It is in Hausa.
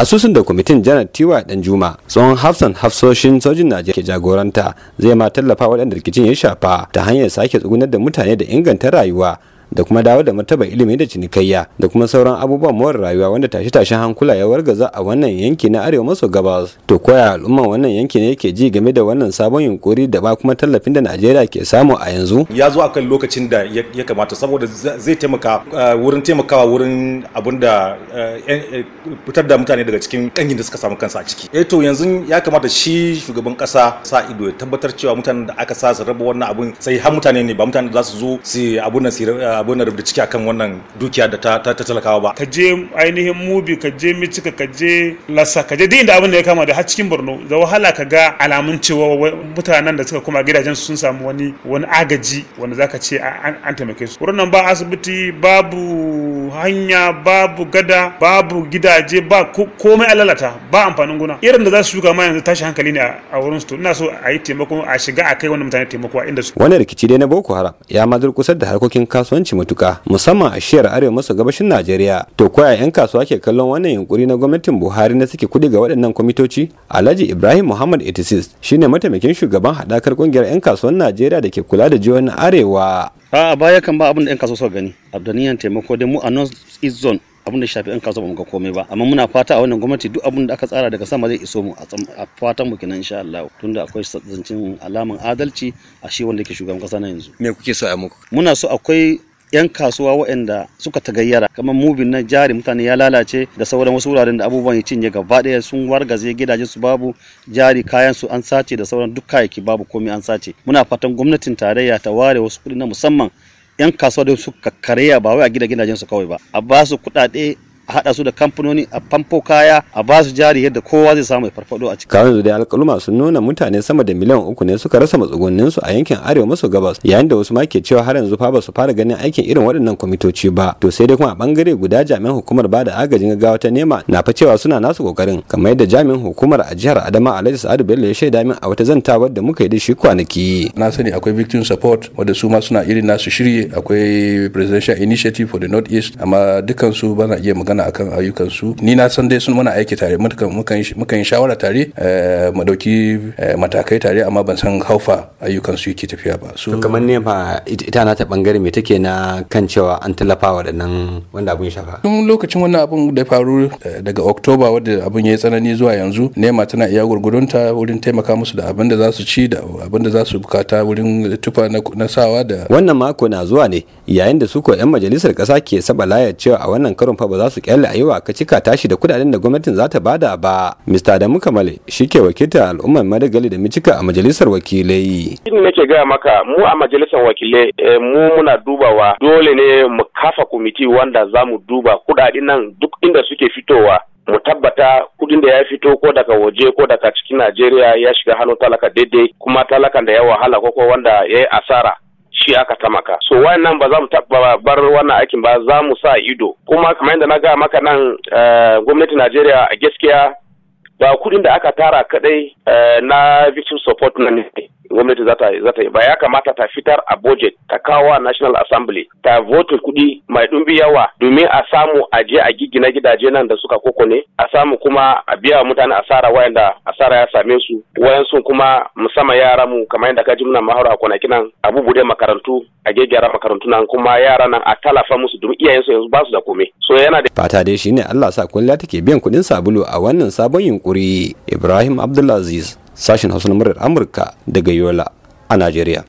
asusun da kwamitin janar tiwa dan juma tsohon hafsan hafsoshin sojin najeriya ke jagoranta zai ma tallafa waɗanda rikicin ya shafa ta hanyar sake tsugunar da mutane da inganta rayuwa da kuma dawo da martaba ilimi da cinikayya da kuma sauran abubuwan more rayuwa wanda tashi tashin hankula ya wargaza a wannan yanki na arewa maso gabas to koya al'umman wannan yanki ne yake ji game da wannan sabon yunkuri da ba kuma tallafin da najeriya ke samu a yanzu ya zo akan lokacin da ya kamata saboda zai taimaka eh, wurin taimakawa wurin abun da eh, eh, fitar da mutane daga cikin kangin da suka samu kansa a ciki eh to yanzu ya kamata shi shugaban kasa sa ido ya tabbatar cewa mutanen da aka sa su raba wannan abun sai har mutane ne ba mutanen da za su zo su abun nan abu na rubuta ciki akan wannan dukiya da ta ta talakawa ba ka je ainihin mubi ka je micika ka je lasa ka je duk inda abin da ya kama da har cikin borno da wahala ka ga alamun cewa mutanen da suka koma gidajen sun samu wani wani agaji wanda zaka ce an taimake su wurin nan ba asibiti babu hanya babu gada babu gidaje ba komai lalata ba amfanin gona irin da za su shuka ma yanzu tashi hankali ne a wurin su ina so a yi taimako a shiga a kai wani mutane taimako a inda su wani rikici dai na boko haram ya ma durkusar da harkokin kasuwanci matuka musamman a shiyar arewa maso gabashin najeriya to koya yan kasuwa ke kallon wannan yunkuri na gwamnatin buhari na suke kudi ga waɗannan kwamitoci alhaji ibrahim muhammad 86 shine mataimakin shugaban haɗakar kungiyar yan kasuwan najeriya da ke kula da jihohin arewa a baya kan ba abin da yan kasuwa suka gani abdaniyan taimako dai mu a north east zone abin da shafi yan kasuwa ba mu komai ba amma muna fata a wannan gwamnati duk abin da aka tsara daga sama zai iso mu a fatan mu kenan insha Allah tunda akwai zancin alaman adalci a shi wanda ke shugaban kasa na yanzu me kuke so a muku muna so akwai 'yan kasuwa waɗanda suka tagayyara kamar mubin na jari mutane ya lalace da sauran wasu wuraren da abubuwan ya cinye gaba ɗaya sun wargaze gidajen su babu jari kayan su an sace da sauran duk kayayyaki babu komai an sace muna fatan gwamnatin tarayya ta ware wasu kuɗi na musamman 'yan kasuwa da suka karya ba wai a gidajen su kawai ba a ba su kuɗaɗe a haɗa su da kamfanoni a famfo kaya a ba su jari yadda kowa zai samu farfaɗo farfado a ciki. Kawai da alƙaluma sun nuna mutane sama da miliyan uku ne suka rasa matsugunnin su a yankin arewa maso gabas yayin da wasu ma ke cewa har yanzu fa ba su fara ganin aikin irin waɗannan kwamitoci ba. To sai dai kuma a bangare guda jami'an hukumar ba da agajin gaggawa ta nema na fa cewa suna nasu kokarin kamar yadda jami'in hukumar a jihar Adama Alhaji Sa'adu Bello ya shaida min a wata zantawar da muka yi da shi kwanaki. Na sani akwai victim support wadda su ma suna irin nasu shirye akwai presidential initiative for the north east amma dukansu na iya magana mana akan ayyukan su ni na san dai sun mana aiki tare muka yi shawara tare eh, mu dauki eh, matakai tare amma ban san haufa ayyukan su yake tafiya ba so kamar ne ba ita na ta bangare me take na kan cewa an tallafa waɗannan wanda abun shafa tun lokacin wannan abun da faru eh, daga oktoba wadda abun ya yi tsanani zuwa yanzu nema tana iya gurgurunta wurin taimaka musu da abin da za su ci da abin da za su bukata wurin tufa na sawa da wannan mako na zuwa ne yayin da su ko yan majalisar kasa ke saba layar cewa a wannan karon fa ba za su su kyalle a yi cika tashi da kudaden da gwamnatin za ta bada ba mr adamu kamale shi ke wakilta al'ummar madagali da micika a majalisar wakilai shin nake gaya maka mu a majalisar wakilai eh, mu muna dubawa dole ne mu kafa kwamiti wanda za mu duba kudaden nan duk inda suke fitowa mu tabbata kudin da ya fito ko daga waje ko daga cikin Najeriya ya shiga hannun talaka daidai kuma talakan da ya wahala ko wanda ya yi asara ciki aka ta maka so wayannan ba za mu bar wannan aikin ba za mu sa ido kuma kamar yadda na ga maka nan eh, gwamnatin Najeriya a gaskiya ba kudin da aka tara kadai eh, na victim support na ne gwamnati za ta yi ba ya kamata ta fitar a budget ta kawo national assembly ta vote kuɗi mai ɗumbi yawa domin a samu a je a gigina gidaje nan da suka koko ne a samu kuma a biya wa mutane asara wayanda asara ya same su wayansu kuma musamman yara mu kamar yadda ka ji muna mahaura a kwanaki nan a bubude makarantu a gyara makarantu nan kuma yara nan a talafa musu domin iyayensu yanzu ba su da komai so yana da fata dai shine Allah sa kulla ke biyan kuɗin sabulu a wannan sabon yunkuri Ibrahim Abdulaziz sashen hausa na muryar amurka daga yola a najeriya